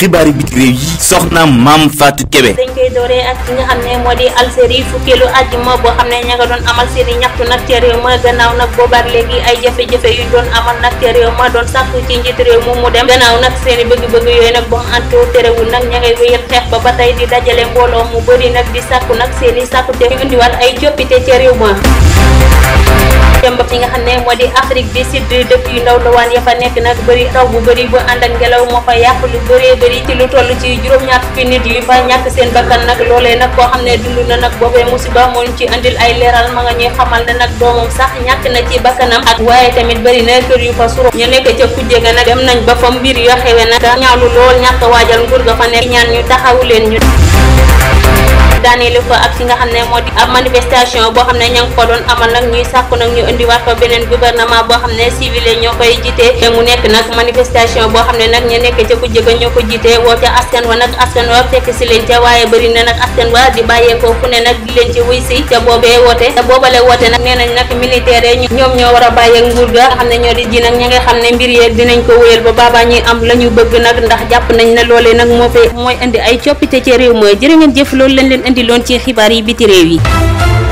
xibaari biti réew yi soxna maam Fatou Kébé. dañ koy dooree ak ki nga xam ne moo di Algérie fukkeelu àjjuma boo xam ne ña nga doon amal seeni ñaxtu nag ca réew ma gannaaw nag boobaak léegi ay jafe-jafe yu doon amal nag ca réew ma doon sàkku ci njiit réew mu mu dem gannaaw nag seeni bëgg-bëgg yooyu nag boo antoo terewul nag ña ngay wéyal xeex ba ba tey di dajale mbooloo mu bëri nag di sàkku nag seeni sàkku te ñu indiwaat ay coppite ca réew ma temb fi nga xam ne moo di Afrique du Sud dëkk yu ndaw ndawaan ya fa nekk nag bëri taw bu bëri bu ànd ngelaw moo fa yàq lu bëree bëri ci lu toll ci juróom-ñaar fukki nit yu fa ñàkk seen bakkan nag loolee nag koo xam ne dund na nag boobee musiba moo ñu ci andil ay leeral ma nga ñuy xamal ne nag doomam sax ñàkk na ci bakkanam ak waaye tamit bëri na kër yu fa suro ñu nekk ca kujje ga nag dem nañ ba fa mbir yoo xewe nag ñaawlu lool ñàkk waajal nguur ñaan ñu taxawu leen ñu daaneelu nga xam ne moo di ab boo xam ne ña ngi ko doon amal nag ñuy sàkku nag ñu indiwaat fa beneen gouvernement nekk nag manifestation boo xam ne nag ñu nekk ca ku jëga ñoo ko jiitee askan wa nag askan leen ca waaye bëri na nag askan wa di bàyyeekoo fu ne nag di leen ci wuy si ca boobee woote te boobale woote nag nee nañ nag militaire ñoom ñoo war a bàyyeek nguur ga nga xam ne ñoo di ji nag ña nga xam ne mbir yee dinañ ko wéyal ba baabaa ñuy am la ñu bëgg nag ndax jàpp nañ ne loolee nag moo fee mooy indi ay coppite ci réew mooy jërë ngeen jëf loolu lañ leen indi indiloon ci xibaar yi biti réew yi